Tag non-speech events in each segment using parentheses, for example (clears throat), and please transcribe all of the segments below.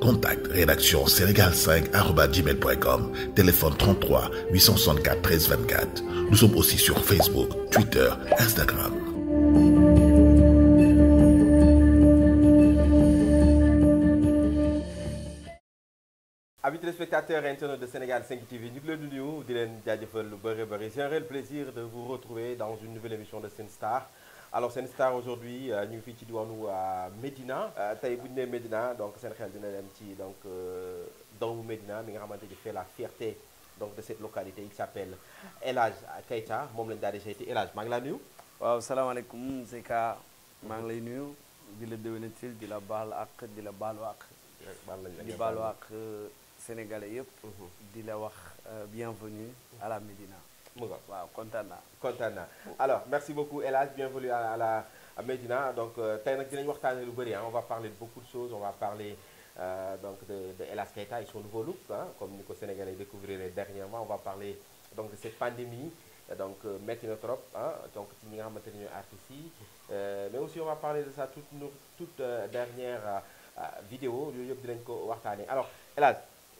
Contact rédaction sénégal 5gmailcom téléphone 33 864 13 24. Nous sommes aussi sur Facebook, Twitter, Instagram. Amis téléspectateurs et internautes de Sénégal 5 TV, nous le C'est un réel plaisir de vous retrouver dans une nouvelle émission de Sen Star alors une star aujourd'hui euh, ñu ngi fii ci diwaanu euh, Médina euh, tey bu Médina donc c'est xel dina dem ci donc dans Médina mi nga xamante ni fait la fierté donc de cette localité il s'appelle El Hadj Keita moom lañu daal di seeti El Hadj maa ngi laa nuyu. waaw salaamaaleykum Zeka maa ngi lay nuyu di la déwénatil di la baal ak di la baalu ak. di baalu ak sénégalais yépp mhm. di la wax bienvenue à la Médina alors merci beaucoup Elas bienvenue à la Médina donc euh, hein. on va parler de beaucoup de choses on va parler euh, donc de de Elas Keita et son nouveau look hein, comme nous Sénégalais découvrir dernièrement on va parler donc de cette pandémie donc euh, métti trop hein, donc tu ñi nga mais aussi on va parler de ça toute toute dernière vidéo de alors Elas.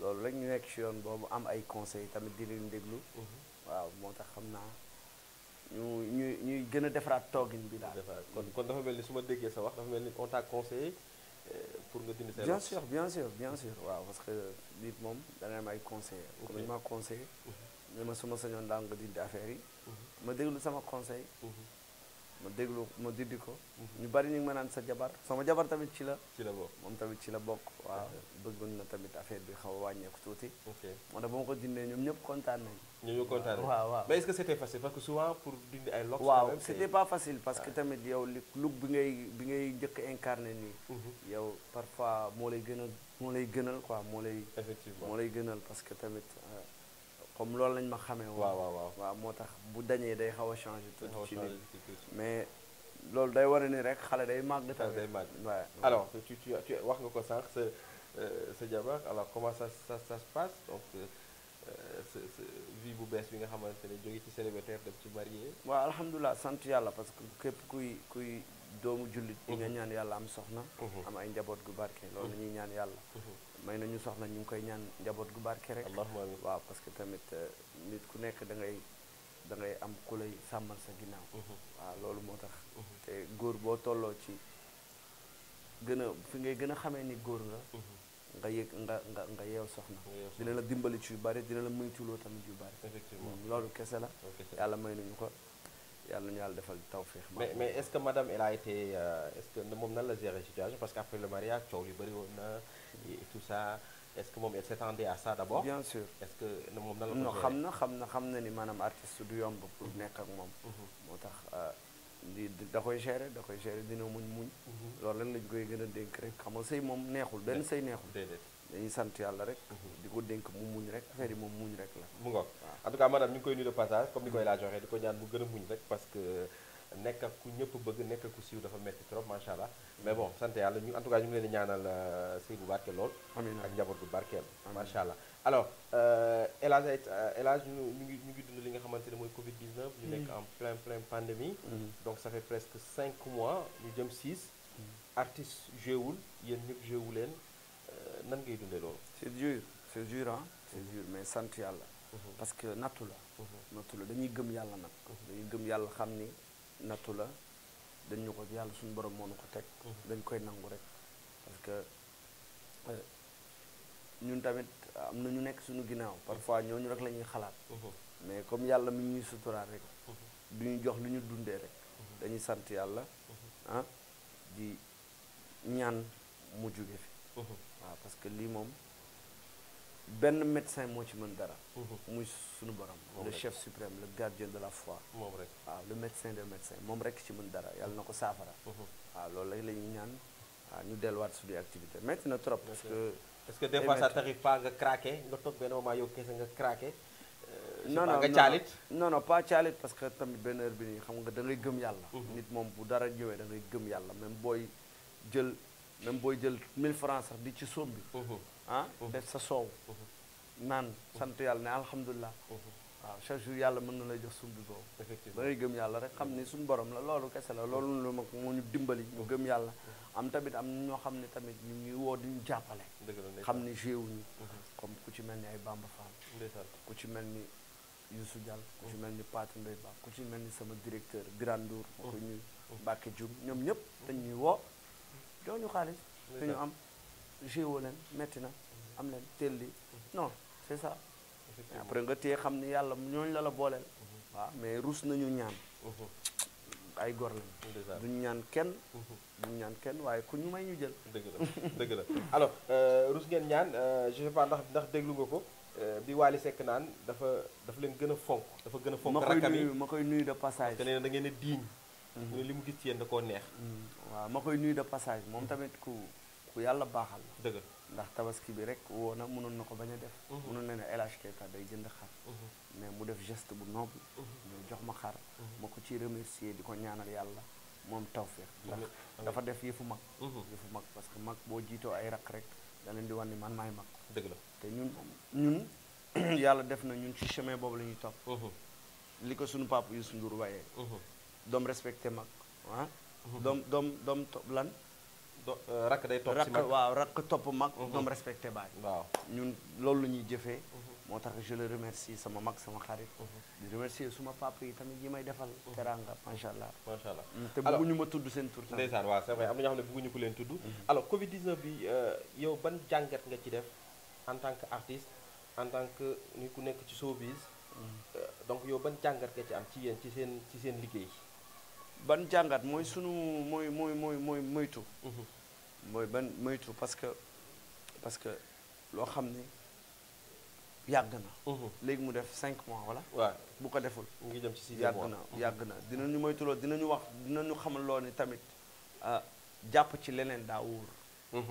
loolu rek ñu nekk si yoon boobu am ay conseils tamit di leen déglu. Mhm. waaw moo tax xam naa ñu ñu ñuy gën a defaraat toogin bi daal. kon kon dafa mel ni su ma déggee sa wax dafa mel ni on t'a conseillé euh, pour nga dindi. bien sûr bien sûr bien sûr waaw parce que nit moom da ngay may ay ok comme ni ma conseillé. Mhm. ne ma su ma sañoon daal nga dindi affaire yi. Mhm. ma déglu sama conseil. ma déglu ma diddi ko ñu bari ñu ma naan sa jabar sama jabar tamit ci la ci la bokk moom tamit ci la bokk waaw bëggoon na tamit affaire bi xaw wàññeeku tuuti moo tax ba ma ko dindee ñoom ñëpp kontaan nañ ñoom ñëpp kontaan nañ waaw waaw mais est-ce que c'était facile parce que souvent pour dindi ay lox waaw c'était pas facile parce que tamit yow li look bi ngay bi ngay njëkk incarné nii mhm. yow parfois moo lay gënal moo lay gënal quoi moo lay effectivement moo lay gënal parce que tamit euh, comme loolu lañ ma xamé woon. waaw waaw waaw motax bu dañé day xaw changer tout day mais loolu day wane ni rek xalé day màgg. tamit day màgg alors tu tu wax nga ko sànq ce euh, ce jabar alors comment ça ça ça se passe donc ce euh, ce euh, vie bu bees bi nga xamantene ne ci célibataire dem ci marié. wa alhamdulilah sante yalla parce que kep kuy kuy. doomu jullit yi nga mhm. ñaan yàlla am soxna mhm. am ay njaboot gu barke loolu la ñuy ñaan yàlla mhm. may na nañu soxna ñu ngi koy ñaan njaboot gu barke rek waaw parce que tamit euh, nit ku nekk dangay dangay am ku lay sàmmal sa ginnaaw waaw loolu moo tax te góor boo tolloo ci gën a fi ngay gën a xamee ni góor nga nga yëg nga nga nga yeew soxna dina la dimbali ci yu bari dina la muytuloo tamit yu bari loolu kese la yàlla may nañu ko yalla ñu yalla defal tawfiq mais mais est-ce que madame elle a été euh, est-ce que moom nan la gérer situation parce qu'après le mariage coow li bari woon na tout ça est-ce que moom elle s'attendait à ça d'abord. bien sûr est-ce que moom nan la ko. non xam na xam ni manam artiste du yomb pour nek ak mom motax mhm. tax euh, di da koy gérer da koy gérer dina muñ muñ. Mhm. loolu lañ koy gëna a dénk rek xam nga mom moom neexul benn sëy neexul. déedéet dañuy sant yàlla rek di ko dénk mu muñ rek affaire yi moom muñ rek la mu ngoog en tout cas madame ñu ngi koy nuyu de passage comme ni koy mm-hmm. laaj waxee di ko ñaan mu gën a muñ rek parce que nekk ak ku ñëpp bëgg nekk ak ku siiw dafa metti trop macha allah mm-hmm. mais bon sant yàlla ñu en tout cas ñu ngi leen di ñaanal euh, Seydou bu barkeel lool ak njaboot bu barkeel macha allah alors euh, El Hadj euh, El Hadj ñu ñu ngi ñu ngi dund li nga xamante ne mooy covid 19 mm-hmm. ñu nekk en plein plein pandémie donc ça fait presque 5 mois ñu jëm 6 artistes joué wul yéen ñëpp joué leen nan ngay dundee loolu. c'est dur c'est dur ah. c'est dur mais sant yàlla. Mhm. parce que nattu la. Mhm. nattu la dañuy gëm yàlla nag. dañuy gëm yàlla xam ni nattu la dañ ñu ko yàlla suñu borom moo ñu ko teg. dañ koy nangu rek parce que euh, ñun tamit am na ñu nekk suñu ginnaaw parfois ñooñu rek la ñuy xalaat. mais comme yàlla mi ñuy suturaat rek. du ñu jox lu ñu dundee rek. dañuy sant yàlla. ah di ñaan mu jóge fi. parce que lii mom ben médecin mo ci mën dara. Mhm. muy suñu borom. le chef suprême le gardien de la foi. mom rek ah le médecin des médecins mom rek ci mën dara yalla nako safara saafara. Mhm. waaw loolu rek la ñuy ñaan waaw ñu delluwaat suñuy activité métti trop. parce que parce que des fois ça t'arrive pas nga craquer nga toog benn moment yow kese nga craqué. Euh, non non nga caalit non non pas caalit parce que tamit ben heure bi nii xam nga da ngay gëm yalla mhm. nit mom bu dara ñëwee da ngay gëm yalla même boy jël. même booy jël 1000 francs sax di ci sombi ah def sa soow naan sant yàlla ne alhamdulilah waaw chaque jour yàlla mën na lay jox sumbi boobu effectivement da ngay gëm yàlla rek xam ni suñu borom la loolu kese la loolu lu mag moo ñu dimbali ñu gëm yàlla am tamit am ñoo xam ne tamit ñu ngi woo di ñu jàppale xam ni géewuñu comme ku ci mel ni ay Bamba Fall ku ci mel ni Youssou Diall ku ci mel ni Pathé Ndoye Ba ku ci mel ni sama directeur Birane Ndour ko ñu Mbacke Dioum ñoom ñëpp jox ñu xaalis dañu am géo leen metti na am leen teel li mhm. non c'est ça après nga téye xam ni yàlla ñooñu la la booleel mhm. waaw mais rus nañu ñaan mhm. ay gor lañ duñ ñaan kenn duñ ñaan kenn waaye ku ñu may ñu jël dëgg la dëgg la alors euh, rus ngeen ñaan euh, je sais ndax ndax déglu nga ko euh, bi Waly sekk naan dafa dafa leen gën a fonk dafa gën a fonk rakkam yi ma koy nuyu da passage te nee da ngeen a diiñ Mm-hmm. li mu gis ci yéen neex mm-hmm. waaw ma koy nuyu de passage moom mm-hmm. tamit ku ku yàlla baaxal la dëgg ndax tabaski bi rek woo na mënoon na ko bañ a def mënoon na ne LH Keita day jënd xar mais mu def geste bu noble ñoo jox ma xar ma ko ci remercier di ko ñaanal yàlla moom tawfeex ndax dafa def yëfu mag yëfu mag parce que mag boo jiitoo ay rakk rek da di wan ni man maay mag dëgg la te ñun ñun (clears throat) yàlla def na ñun ci chemin boobu la ñuy topp li ko suñu papa Youssou Ndour waaye doom respecté mag ah. Mhm. doom doom doom lan. Eh, rakk day topp mag waaw rakk topp mag. Mhm. doom respecté baay. waaw ñun loolu la ñuy jëfee. Mhm. moo tax je le remercie sama mag sama xarit. di remercier suma papa yi tamit yi may defal. teranga macha allah. macha allah mm, te bëgguñu ma tudd seen tur. ndeysaan waaw c'est vrai mm. am na ñoo xam ne bëgguñu ko leen tudd. alors Covid 19 bi euh, yow ban jàngat nga ci def en tant que artiste en tant que ni ku nekk ci showbiz. Mm. Euh, donc yow ban jàngat nga ci am ci yéen ci seen ci seen liggéey. ban jàngat mooy sunu mooy mooy mooy mooy moytu. Mhm. mooy ban moytu parce que parce que loo xam ne yàgg na. Mhm. léegi mu def cinq mois wala. waaw bu ko deful. mu ngi dem ci six mois yàgg na mhm. yàgg na dinañu moytuloo dinañu wax dinañu xamal loo ne tamit ah, jàpp ci leneen daa wóor.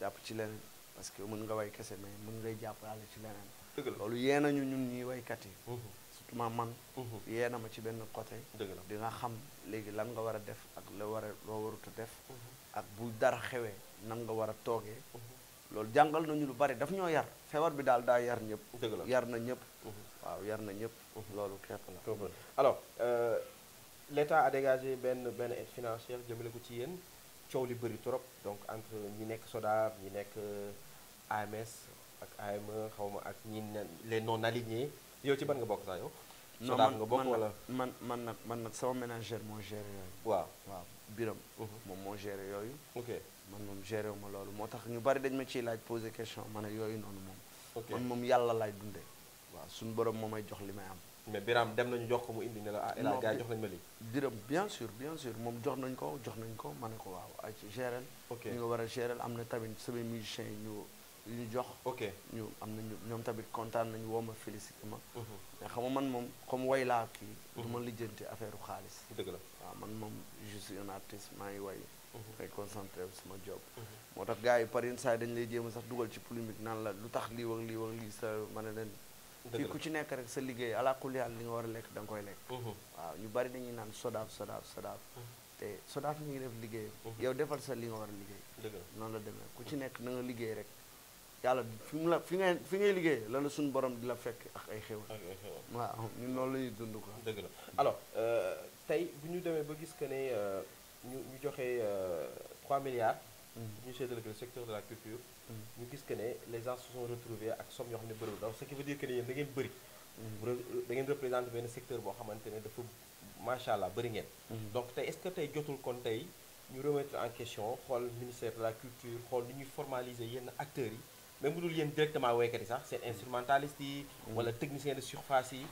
jàpp ci leneen parce que mën nga way kese mais mën ngay jàpp yàlla ci leneen. loolu yee nañu ñun ñii waykat yi. ma man mhm. yee na ma ci benn côté di nga xam léegi lan nga war a def ak la war a loo warut a def mhm. ak bu dara xewee nan nga war a toogee mhm. loolu jàngal nañu lu bari daf ñoo yar feebar bi daal daal yar ñëpp yar na ñëpp waaw yar na ñëpp loolu képp la alors euh, l'État a dégagé benn benn aide financière jëmale ko ci yéen coow li bëri trop donc entre ñi nekk SODAV ñi nekk euh, AMS ak AME xaw ma ak ñi les non alignés yow ci ban nga bokk sa yow. sodaaf nga bokk wala man man nak man nak sama ménagère moo géré yooyu. waaw waaw biram. Mhm. mom moo géré yooyu. ok man moom géré wu ma loolu moo ñu bari dañ ma ci laaj poser question man ne yooyu nonu mom ok man mom yalla lay dundé waaw suñu borom momay jox li may am. mais Biram dem nañu jox ko mu indi ne la ah ila Hadj jox nañ ma li Biram bien sûr bien sûr mom jox nañ ko jox nañ ko mané ko waaw ay ci gérer. ok ñu wara war a gérer am na tamit samay musiciens ñu. ñu jox. ok ñu am nañu ñoom tamit kontaan nañu woo ma ma. Mhm. mais xam nga man moom comme way laa kii. Mhm. du ma lijjanti affaire xaalis. dëgg la waaw man moom je suis un artiste maa ngi way. ngay mhm. concentré sama job. moo tax gars yi par instant dañu lay jéem a sax dugal ci polémique naan la lu tax lii wax lii wax lii sa mën a fii ku ci nekk rek sa liggéey ala kulli haal li nga war a lekk da nga koy lekk. waaw ñu bari dañuy naan sodaaf sodaaf sodaaf. te sodaaf mi def li nga a liggéey. noonu la demee ku ci nekk na nga liggéey rek. yalla fi la fi ngay fi ngay liggéey la la suñu borom di la fekk ak ay xew waaw ñu loolu la ñuy dund ko dëgg la alors euh, tey bu ñu demee ba gis que ne euh, ñu ñu joxe 3 euh, milliards hmm. ñu seddale ko le secteur de la culture hmm. ñu gis que ne les arts se sont retrouvés ak somme yoo xam ne bëriwul donc ce qui veut dire que ne yéen da ngeen bëri hmm. da ngeen représenté benn secteur boo xamante ne dafa macha allah bëri ngeen donc tey est ce que tey jotul kon tey ñu remettre en question xool ministère de la culture xool ni ñuy formaliser yenn acteurs yi même bu dul directement woykat yi sax seen instrumentaliste yi. wala technicien de surface yi.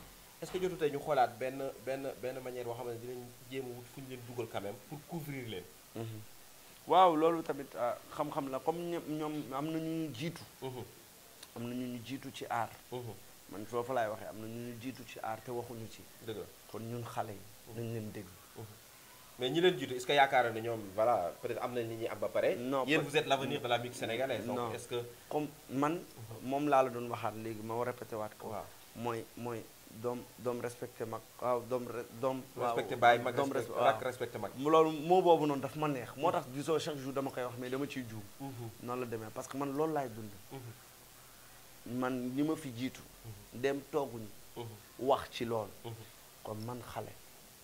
est-ce que jotu tey ñu xoolaat ben ben benn manière boo xam ne dinañ jéem a wut fu leen dugal quand même pour couvrir leen. Mm-hmm. waaw loolu tamit ah, xam-xam la comme ñom am na ñu jiitu. Mm-hmm. am na ñu jitu ci aar. Mm-hmm. man foofu lay waxee am na ñu jitu ci aar te ñu ci. dëgg kon ñun xalé yi. leen déglu. mais ñi leen jiitu est-ce que yaakaar na ñoom voilà peut am na nit ñi am ba pare. no yéen vous êtes l'avenir de la que comme man moom laa la doon waxaat léegi ma répété waat ko. waaw mooy mooy doom doom respecté mag waaw doom doom. waaw respecté bàyyi mag respecté mag. loolu moo boobu noonu daf ma neex moo tax disons chaque jour dama koy wax mais dama ciy juum. Mhm. noonu la demee parce que man loolu laay dund. Mhm. man ñi ma fi jiitu. Mhm. dem tooguñu. wax ci loolu. kon man xale.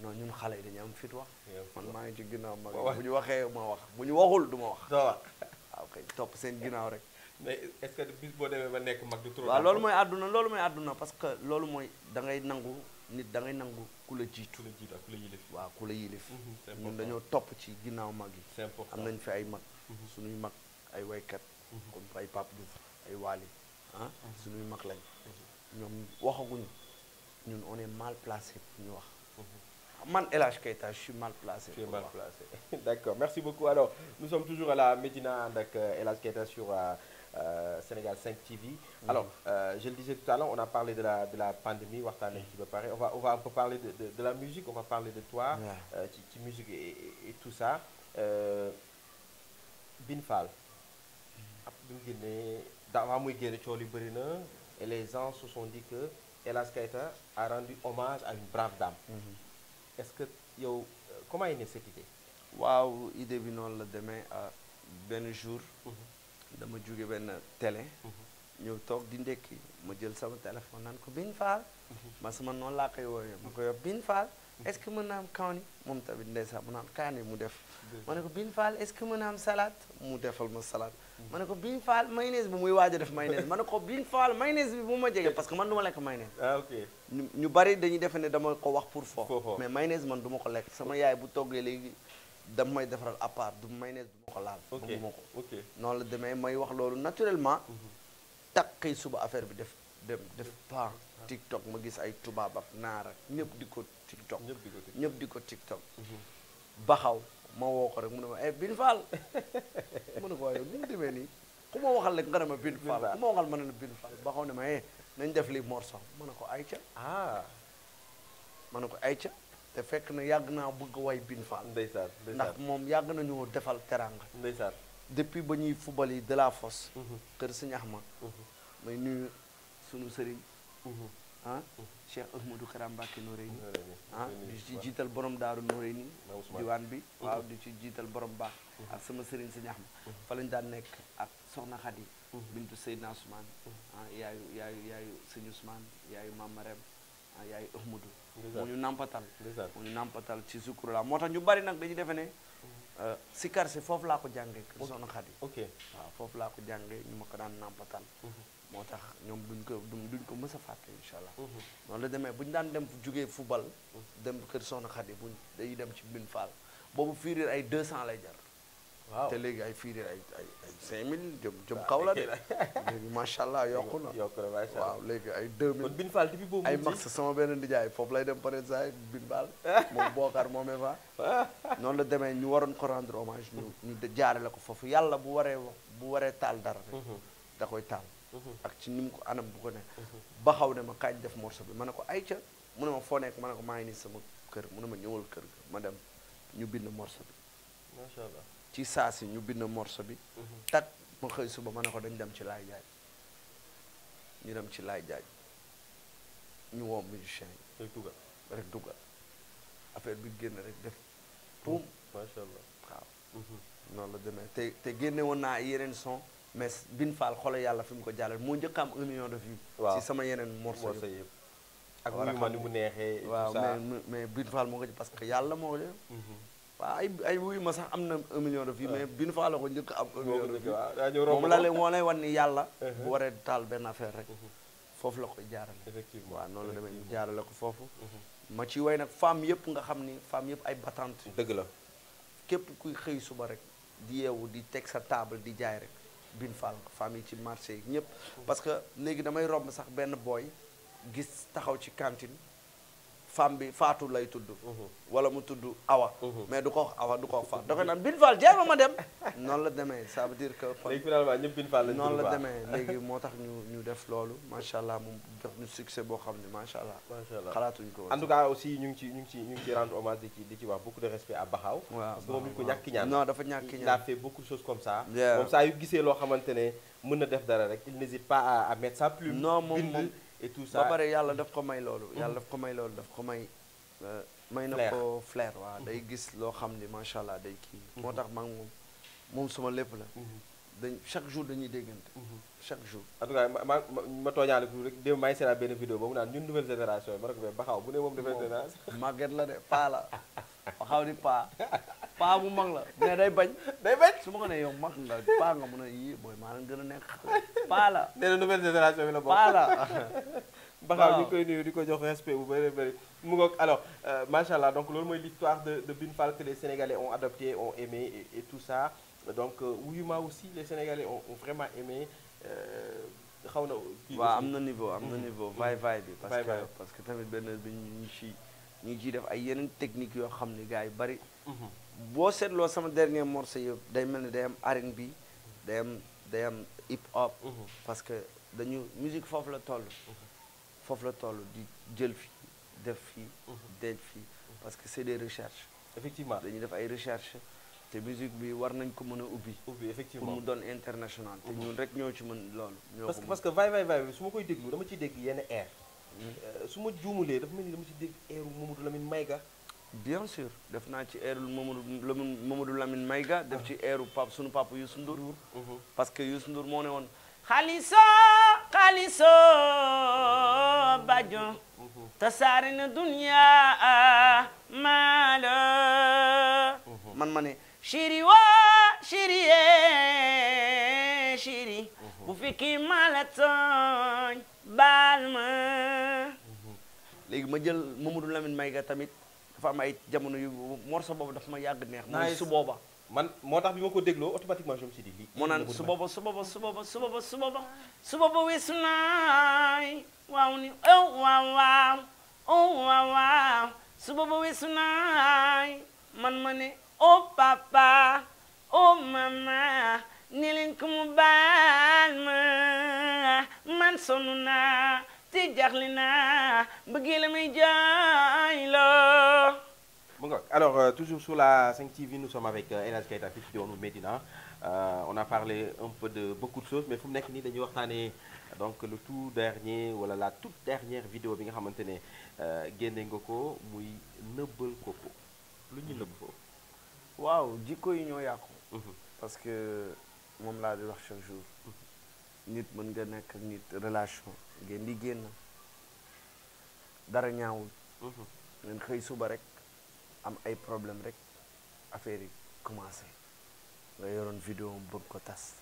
non ñun xale yi dañu am fit wax man maa ngi ci ginnaaw mag bu ñu waxee ma wax bu ñu waxul du ma wax waaw (laughs) ah, kay topp seen ginnaaw rek mais est-ce boo demee ba nekk mag du trop waaw loolu mooy àdduna loolu mooy àdduna parce que loolu mooy da ngay nangu nit da ngay nangu ku la jiitu ku la yilif waaw ku la yilif mhm, ñun dañoo topp ci ginnaaw mag yi am nañ fi ay mag mhm. suñuy mag ay waykat mhm. comme ay Pape Diouf ay Waly ah suñuy mag lañ ñoom waxaguñu ñun on est mal placé pour ñu wax je suis mal placé. Je mal placé. (laughs) D'accord, merci beaucoup. Alors, nous sommes toujours à la Medina avec LH euh, sur euh, euh, Sénégal 5 TV. Alors, je le disais tout à l'heure, on a parlé de la, pandémie, on va, on va un peu parler de, la musique, on va parler de toi, et euh, qui, musique et, et, tout ça. Binfal, et les gens se sont dit que Elasketa a rendu hommage à une brave dame. Mm-hmm. est-ce que yow euh, comment est née cette waaw ide bi noonu la demee ah, benn jour. Mhm. dama jóge benn télé. Mhm. ñëw toog di ndekki ma jël sama téléphone naan ko Bine Fall. Mhm. ma sama noonu laa koy woowee ma koy wax Bine Fall. est-ce que mën naa am kaani moom tamit ndeysaan mu naan kaani mu def. ma ne ko biin Fall est-ce que mën a am salade mu defal ma salade mm. ma ne ko Biñ Fall mayonnaise bi muy waaj a def mayonnaise ma ne ko Biñ Fall mayonnaise bi bu ma jege parce que man du ma lekk mayonnaise ah ok ñu bari dañuy defe ne dama ko wax pour fo mais mayonnaise man du ma ko lekk sama yaay bu toggee léegi dam may defaral à part du mayonnaise du ma ko laal bëggu ma ko noonu la demee may wax loolu naturellement mm-hmm. takk suba affaire bi def dem def pas TikTok ma gis ay tubaab ak naar ñëpp di ko TikTok ñëpp di ko TikTok mm-hmm. baxaw ma woo ko rek mu na ma eh Bin Fall (laughs) mu ne ko waaye nu mu demee nii ku ma waxal rek nga ne Bin Fall ku ma waxal ma ne la Bin Fall ba xaw ne ma eh nañ def lii morceau ma ne ko ay ca ah. ma ne ko ayca te fekk na yàgg naa bëgg way Bin Fall ndeysaan ndax moom yàgg nañoo defal teranga ndeysaan depuis ba ñuy fubal yi de la fosse mhm. kër Sëñ Ahma mhm. may nuyu sunu sëriñ mhm. ah mm. Cheikh Ahmadou Karam Mbacke Noreyni ah ci jiital borom daaru Noreyni mm. diwaan bi mm. waaw di ci jiital borom baax ak sama sëriñ si ñax ma fa lañ daan nekk ak soxna Khady bintu Seydina Ousmane ah yaayu yaayu yaayu sëñ Ousmane yaayu Mame Marème ah yaayu Ahmadou moo ñu nampatal moo ñu nampatal ci sukkur laa moo tax ñu bari nag dañu defe ne sikar euh, si foofu laa ko jànge kër soxna Khady ok foofu laa ko jàngee ñu ma ko daan nampatal mm-hmm. moo tax ñoom duñ ko duñ ko mës a fàtte incha allah. Mhm. noonu la demee bu ñu daan dem jugee fubal mhm. dem kër Soxna Xadi buñ dañuy dem ci Bin Fall boobu firir ay 200 lay jar. waaw te léegi ay firir ay ay ay 5000 jëm jëm la de. (laughs) léegi macha allah yokku na yokku na ay 2000. kon Bin Fall ay max sama benn nijaay foofu lay dem pare saa yi Bin Fall (laughs) moom Bokar moomee fa. (laughs) noonu la demee ñu waroon ko rendre omage ñu ñu jaare la ko foofu yàlla bu waree bu waree taal dara rek. Mhm. da koy taal. Mm-hmm. ak ci ni mu ko anam bu ko ne mm-hmm. ba xaw ne ma kaaj def morceau bi ma ne ko ayca mu ne ma foo nekk ma ne ko maa ngi nii sama kër mu ne ma ñëwal kër ma dem ñu bind morceau bi ci saa si ñu bind morceau bi mm-hmm. tat ma xëy suba ma ne ko dañ dem ci laay jaaj ñu dem ci laay jaaj ñu woo musicien yi dugal rek dugal affaire bi génn rek def poum macha allah waaw noonu la demee te te génne woon naa yeneen son mais Bin Fall xoolal yàlla fi mu ko jàllale moo njëkk am un million de vues. waaw si sama yeneen morceau yëpp. neexee. waaw mais mais Bin moo ko parce que yàlla moo leen. Mhm. am na un million de vues mais Bin ko njëkk am. un million de vues moom la moo lay wan ni yàlla. Uh-huh. bu waree taal benn affaire rek. Uh-huh. foofu la koy jaarale. effectivement noonu la demee jaarale ko foofu. Uh-huh. ma ci way nag femme yëpp nga xam ni femme yëpp ay battante. dëgg la képp kuy xëy suba rek di yeewu di teg sa taabal di jaay rek. bin Fall femme yi ci marché yi ñëpp parce que léegi damay romb sax benn booy gis taxaw ci cantine femme bi faatu lay tudd mhm. wala mu tudd awa mhm. mais du ko wax awa du ko wax faatu da koy naan bin faal jéema ma dem (laughs) noonu la demee sa veut dire que (laughs) léegi finalement ñëpp bin faal lañ noonu la demee (laughs) léegi moo tax ñu ñu def loolu macha allah mu jox ñu succès boo xam ne macha allah macha allah xalaatuñ ko en tout cas aussi ñu ngi ci ñu ngi ci ñu ngi ci rendre hommage di ci di wax beaucoup de respect à Bakhaw waaw parce que moom ko ñàkk ñaan non dafa ñàkk ñaan il a fait beaucoup de comme ça moom saa yu gisee loo xamante ne mën na def dara rek il n'hésite pas à mettre sa et tout yàlla daf ko may loolu. Mm-hmm. yàlla daf ko may loolu daf ko may. Euh, may na ko flair waaw mm-hmm. day gis loo xam ni macha allah day kii. Mm-hmm. moo tax maa moom moom suma lépp la. dañ chaque jour dañuy déggante. Mhm. chaque jour. en tout cas ma ma ma tooñaale rek démb maa ngi seetaan vidéo ba mu naan ñun nouvelle génération ma ne ko baxaw bu ne mom nouvelle génération. màgget la dé pa la waxaw ni pa pa bu mag la né day bañ. day bañ suma ko né yow mag nga pa nga mun a boy ma maa gëna gën pa la né na nouvelle génération bi la bokk paa la. (laughs) baxaw ñu koy nuyu diko jox respect bu bari bari mu ngoog alors euh, machallah donc lool moy l'histoire de de Bine Fall que les Sénégalais ont adopté ont aimé et tout ça donc euh, Ouyouma aussi les Sénégalais ont, vraiment aimé. euh, na am na niveau am na mhm. niveau vaille vibe mhm. parce que parce que tamit benn bi ñu ci ñu ngi def ay yeneen technique yoo xam ne gars yi bari. Mhm. boo seetloo sama dernier morceau yëpp day mel day am R&B day am day am hip hop. parce que dañu musique foofu la toll. foofu la toll di jël fi def fii. denc parce que c'est des recherches. effectivement dañuy def ay recherches. te musique bi war nañ ko mën a ubbi. ubbi effectivement pour mu doon international. te ñun rek ñoo ci mën loolu. ñoo parce que parce su ma koy déglu dama ciy dégg yenn air. Hmm. Euh, su ma juumulee dafa mel ni dama ciy dégg airu Mamadou Lamine Mayga. bien sûr def naa ci airu Mamadou Lamine Mamadou Lamine Mayga. def ah. ci airu pap sunu papa Youssou Ndour. Hmm. Uh-huh. parce que Youssou Ndour moo ne woon. xaliso xaliso bajo. Uh-huh. tasaare na maalo. Uh-huh. man ma ne. shiri wa shiri yee shiri bu mhm. fi kii ma la tooñ baal ma mhm. léegi ma jël Mamadou Lamine tamit dafa am ay jamono yu morceau boobu daf ma yàgg neex mooy su booba man moo tax bi ma ko dégloo automatiquement je me suis moo naan su booba su booba su booba su booba su booba su booba weesu ni oh waaw waaw oh waaw waaw su booba weesu naay man ma ne oh papa, oh maman, ni leen ko mu man sonn naa te jaaxle naa may Bon, alors euh, toujours sur la 5 TV nous sommes avec euh, El Hadj Keita fii ci yoonu Médina euh, on a parlé un peu de beaucoup de choses mais fou mu nekk nii dañuy waxtaanee donc le tout dernier wala la toute dernière vidéo bi nga xamante ne euh, génne nga ko koko lu ñu nëbb waaw jikko yi ñoo yàqu. Mhm. parce que moom laa di wax chaque jour. Mhm. nit mën nga nekk nit relation ngeen di génn dara ñaawul. Mhm. ngeen xëy suba rek am ay problème rek affaire yi commencé nga yoroon vidéo am bëgg ko tas.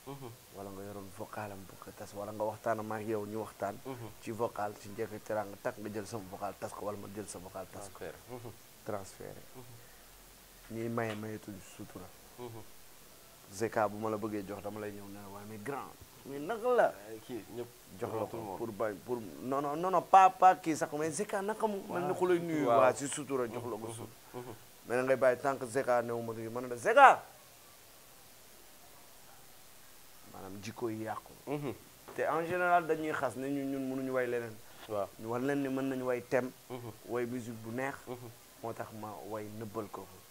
wala nga yoroon vocal am bëgg ko tas wala nga waxtaan ma ak yow ñu waxtaan. ci vocal ci njëkk teraanga tak nga jël sa vocal tas ko wala ma jël sa vocal tas ko. ñuy maye mayetu sutura. Mhm. Zeka bu ma la bëggee jox dama lay ñëw ne la waaye mais grand. mais naka la kii ñëpp jox la ko pour bañ pour non non non pas pas kii sax mais Zeka naka mu. waaw man ni ku lay nuyu waa si sutura jox la ko mhm, suuf. Mhm, mais na ngay bàyyi tant que Zeka newu ma kii ma ne la Zeka. maanaam jikko te en ne ñun ñun way leneen. ñu war leen ni mën nañu way tem. way musique bu neex. moo tax ma way nëbbal ko.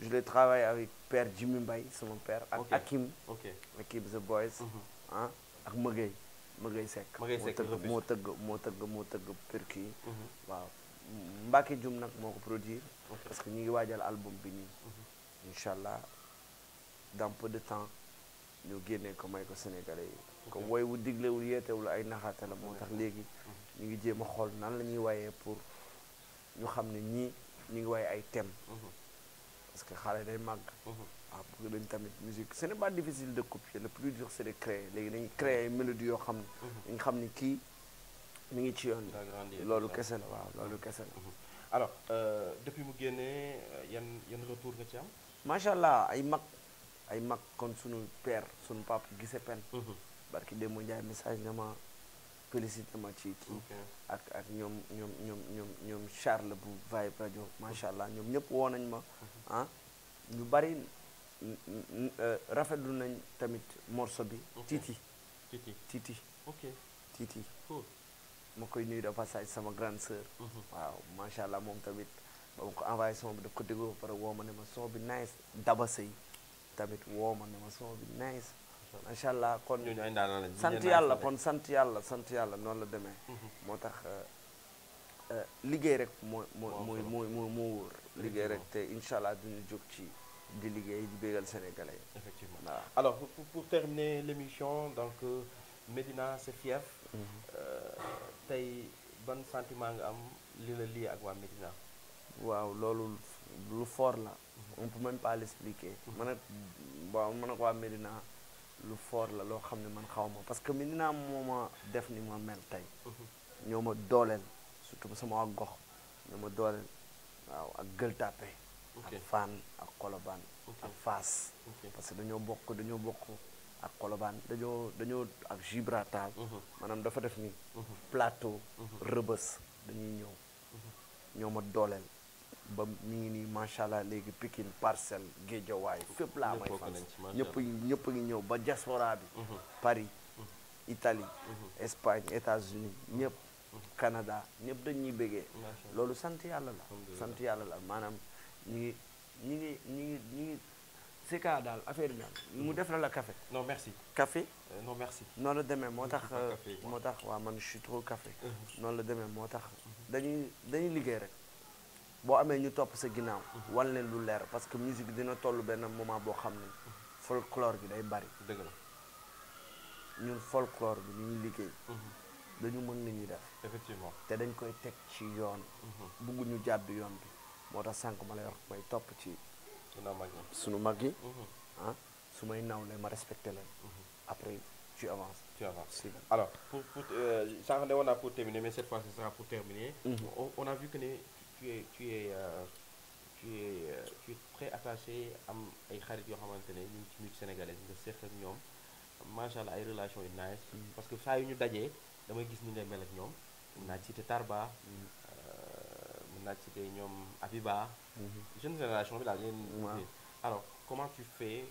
je l'ai travaillé avec père Jimmy c'est mon père. ak Akim. ok Akim The Boys. Mhm. ah ak Mëgëy Mëgëy Seck. Mëgëy Sek, moo tëgg moo tëgg moo tëgg percu yi. Mhm. waaw Mbacke produire. parce que ñi ngi wadjal album bi nii. Mhm. incha allah dans peu de temps ñu génnee ko may ko Sénégalais yi. comme woy wu yété yeetewul ay naxata la motax légui ñi ngi jéma xol nan la ñuy waayee pour ñu xamné ñi ñi ngi wayé ay thèmes parce que xale day màgg. waaw ah, bëgg tamit musique ce n'est pas difficile de copier le plus dur c'est de créer légui dañuy créer mélodie yo yoo xam mhm. ne. dañ xam ni kii mi ngi ci yoon lolu loolu la waaw lolu kese la. Mhm. alors euh, depuis mu génnee yan yan retour nga ci am. machallah ay mag ay mag kon sunu père sunu pap gisee pen. Mhm. barki démb Ndiaye message na ma. félicité ma ci kii ak ak ñoom ñoom ñoom ñoom ñoom Charles bu Vibe Radio allah ñoom ñëpp woo nañ ma ah ñu bari euh, rafetlu nañ tamit morso bi Titi Titi Titi ma koy nuyu de passage sama grande sœur mhm. waaw macha allah moom tamit ba ma ko envoyé son bi daf ko déggoo pare woo ne ma son bi nice daba sëy tamit woo ne ma son bi nice inchallah macha allah kon sante yalla kon sante yalla sante yalla non la démé mm-hmm. motax euh, euh liggéey rek moy moy moy moy moy moo rek té incha allah duñu ci di liggéey di bégal sénégalais alors pour, terminer l'émission donc euh, Médina c'est fief mm-hmm. euh, tay ban sentiment nga am li la ak wa Médina waaw loolu lu fort la mm-hmm. on peut même pas l'expliquer man ak waaw Médina lu fort la loo xam ne man xaw ma parce que Médina moo ma def ni ma mel tey mhm. ñoo ma dooleel surtout sama waa gox ñoo ma dooleel waaw ak Gueule Tapée ak Fann ak Colobane ak Fass parce que dañoo bokk dañoo bokk ak Colobane dañoo dañoo ak Gibraltar mhm. maanaam dafa def ni mhm. plateau rëbës dañuy ñëw ñoo ma dooleel ba ñu nii macha allah léegi Pikine fépp laa may ñëpp ñëpp ngi ñëw ba mhm. Mhm. Paris Italie mhm. Espagne États-Unis Canada ñëpp dañuy bëggee loolu la sant yàlla la maanaam ñu ngi c'est cas daal affaire bi mu def la café non merci café euh, non merci noonu la demee moo (laughs) tax euh, je suis trop café noonu la demee moo dañuy dañuy boo amee ñu topp sa ginnaaw wal leen lu leer parce que musique dina toll benn moment boo xam ne folklore gi day bari dëgg la ñun folklore bi ñu ngi liggéey mhm. dañu mën nit ñi def effectivement te dañ koy teg ci yoon mhm. bugguñu jàdd yoon bi moo tax sànq ma lay wax may topp ci suñu mag yi mhm. ah, su may naw le ma respecte leen après tu avances tu avances alors pour pour euh, sànq ne woon naa pour terminer mais cette fois ce sera pour terminer tu es tu es euh, tu es euh, tu es très attaché à ay xarit yo xamantene ne ñu ngi ci musique sénégalaise nga seq ak ñom machallah ay relation yu nice mm. parce que saa yu ñu dajé dama gis ni ngay mel ak ñom na ci cité Tarba mm. euh, na ci cité ñom Abiba mm-hmm. jeune génération bi daal alors comment tu fais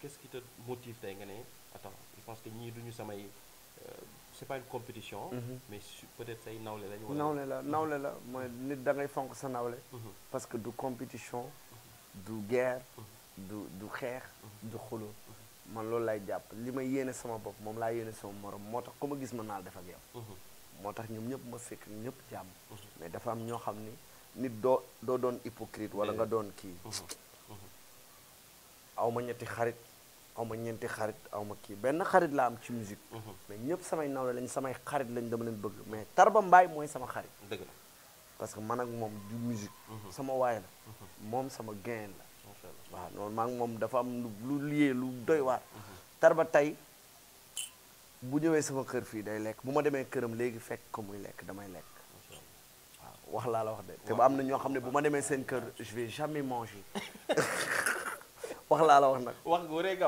qu'est-ce qui te motive tay nga ne attends je pense que ñi duñu samay c'est pas une compétition. Hein, mhm. mais peut-être ça nawle la la mhm. nit da ngay fonk mhm. parce que du compétition. du guerre. du du du man suis lay japp li sama là sama morom gis mais dafa am ño xamni nit hypocrite wala eh. aw ma ñeenti xarit aw ma kii benn xarit laa am ci musique mhm. mais ñëpp samay nawle lañ samay xarit lañ dama leen bëgg mais tar ba Mbaye mooy sama xarit dëgg la parce que man ak moom du musique mhm. sama waay la mhm. moom sama gain la waaw noonu maa moom dafa am lu lu liyee lu doy tar ba tey bu ñëwee sama kër fii day lekk bu ma demee këram léegi fekk ko muy lekk damay lekk waaw wax laa la wax de te ba am na ñoo xam ne bu ma demee seen kër je jamais manger (laughs) la wax nag. wax gu rëy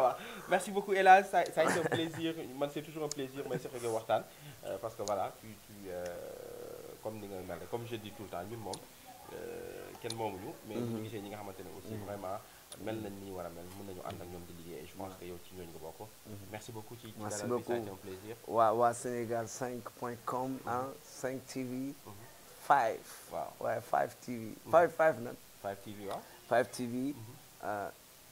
merci beaucoup El ça ça a été un plaisir man c'est toujours un plaisir mais c'est ak yow parce que voilà tu tu euh, comme ni nga comme je dis tout le temps ñun moom euh, kenn moomuñu. mais bu mhm. ñu gisee ñi nga xamante aussi mhm. vraiment. mel nañ ni ñu war a mel mën ak di je pense que yow ci mhm. merci beaucoup ci ça a été un plaisir. waa Sénégal 5 point 5 TV. 5 waaw 5 TV. 5 5 non 5 TV ouais. 5 TV.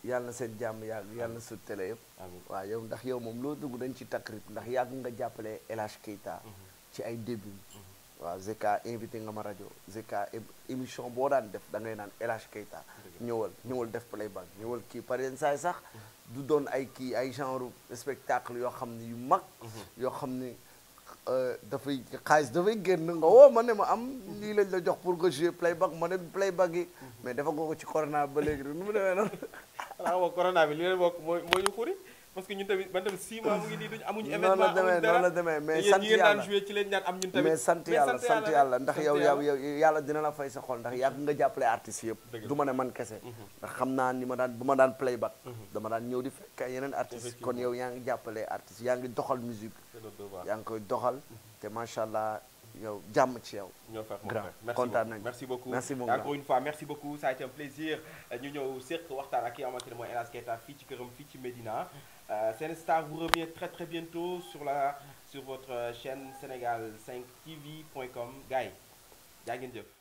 yàlla na seen jàmm yàgg yàlla na sut télé yëpp waaw yow ndax yow moom loo dugg dañ ci takk ndax yàgg nga jàppale El Hadj Keita mm-hmm. ci ay début mm-hmm. waaw ka invité nga ma rajo Zeka émission boo daan def da naan El Hadj Keita ñëwal ñëwal def playback ñëwal kii pare exemple saay sax mm-hmm. du doon ay kii ay genre spectacle yoo xam ne yu mag yoo xam ne euh, dafay xaalis dafay génn nga woo ma ne ma am lii lañ la jox pour nga jouer playback ma ne playback yi mais dafa nga ci corona ba léegi du nu mu demee noonu (laughs) xanaa moom corona bi li leen bokk mooy mooy ñu la demee mais sant yàlla sant yàlla ndax yow yàlla dina la fay sa xol ndax yàgg nga jàppale artistes yëpp du ma ne man kese mhm. ndax xam naa ni ma daan bu ma daan playback mhm. dama daan ñëw di fekk yeneen artistes kon yow yaa jàppale artistes yaa doxal musique yaa koy doxal mhm. te macha allah ci merci beaucoup merci beaucoup encore une fois merci beaucoup ça a été un plaisir ñu ñëw seq waxtaan ak ki nga xamante ne mooy El Hadj Keita ci euh, Star vous revient très très bientôt sur la sur votre euh, chaîne Sénégal 5 tvcom point com gars